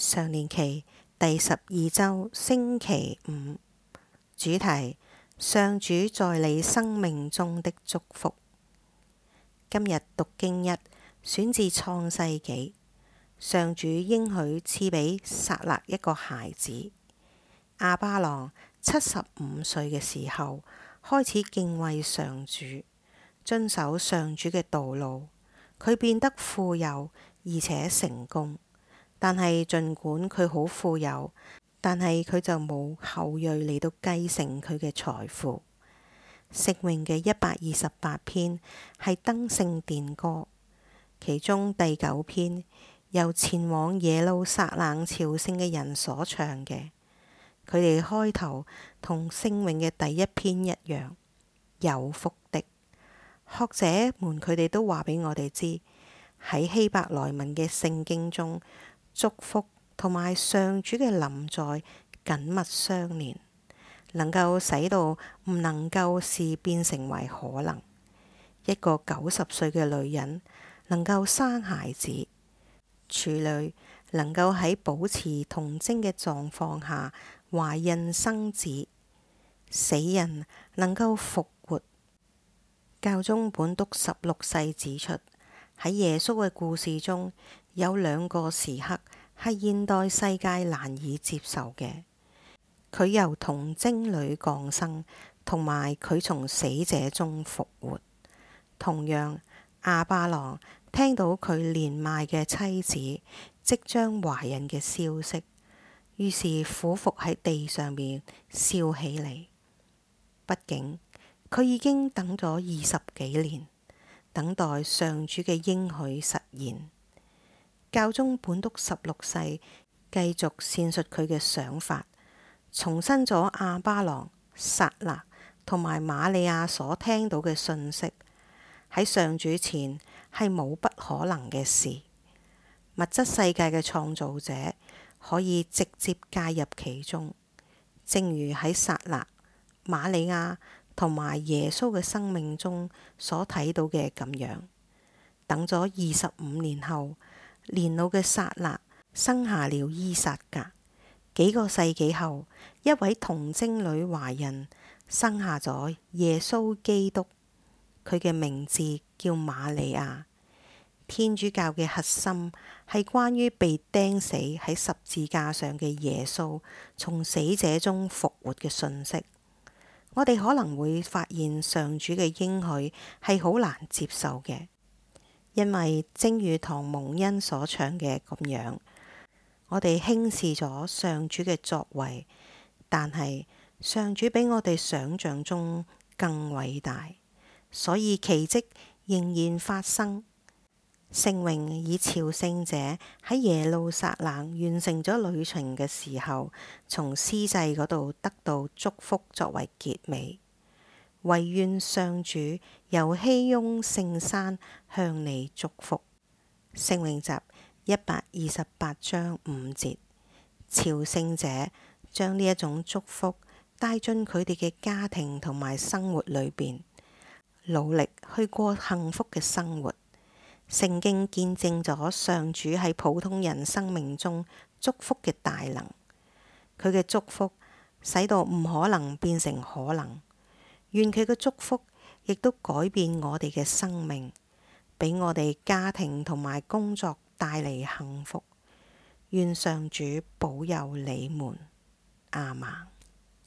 常年期第十二週星期五主題：上主在你生命中的祝福。今日讀經一，選自創世紀。上主應許賜俾撒辣一個孩子。亞巴郎七十五歲嘅時候，開始敬畏上主，遵守上主嘅道路。佢變得富有而且成功。但係，儘管佢好富有，但係佢就冇後裔嚟到繼承佢嘅財富。《聖詠》嘅一百二十八篇係登聖殿歌，其中第九篇由前往耶路撒冷朝聖嘅人所唱嘅。佢哋開頭同《聖詠》嘅第一篇一樣，有福的。學者們，佢哋都話俾我哋知，喺希伯來文嘅聖經中。祝福同埋上主嘅臨在緊密相連，能夠使到唔能夠事變成為可能。一個九十歲嘅女人能夠生孩子，處女能夠喺保持童貞嘅狀況下懷孕生子，死人能夠復活。教宗本篤十六世指出。喺耶穌嘅故事中，有兩個時刻係現代世界難以接受嘅。佢由童貞女降生，同埋佢從死者中復活。同樣，亞巴郎聽到佢年邁嘅妻子即將懷孕嘅消息，於是俯伏喺地上面笑起嚟。畢竟，佢已經等咗二十幾年。等待上主嘅應許實現。教宗本篤十六世繼續闡述佢嘅想法，重申咗亞巴郎、撒辣同埋瑪麗亞所聽到嘅信息。喺上主前係冇不可能嘅事。物質世界嘅創造者可以直接介入其中，正如喺撒辣、瑪麗亞，同埋耶穌嘅生命中所睇到嘅咁樣，等咗二十五年後，年老嘅撒辣生下了依撒格。幾個世紀後，一位童貞女懷孕，生下咗耶穌基督。佢嘅名字叫瑪利亞。天主教嘅核心係關於被釘死喺十字架上嘅耶穌從死者中復活嘅信息。我哋可能會發現上主嘅應許係好難接受嘅，因為正如唐蒙恩所唱嘅咁樣，我哋輕視咗上主嘅作為，但係上主比我哋想象中更偉大，所以奇跡仍然發生。聖詠以朝聖者喺耶路撒冷完成咗旅程嘅時候，從司祭嗰度得到祝福作為結尾，惟願上主由熙雍聖山向你祝福。聖詠集一百二十八章五節，朝聖者將呢一種祝福帶進佢哋嘅家庭同埋生活裏邊，努力去過幸福嘅生活。聖經見證咗上主喺普通人生命中祝福嘅大能，佢嘅祝福使到唔可能變成可能。願佢嘅祝福亦都改變我哋嘅生命，俾我哋家庭同埋工作帶嚟幸福。願上主保佑你們，亞孟。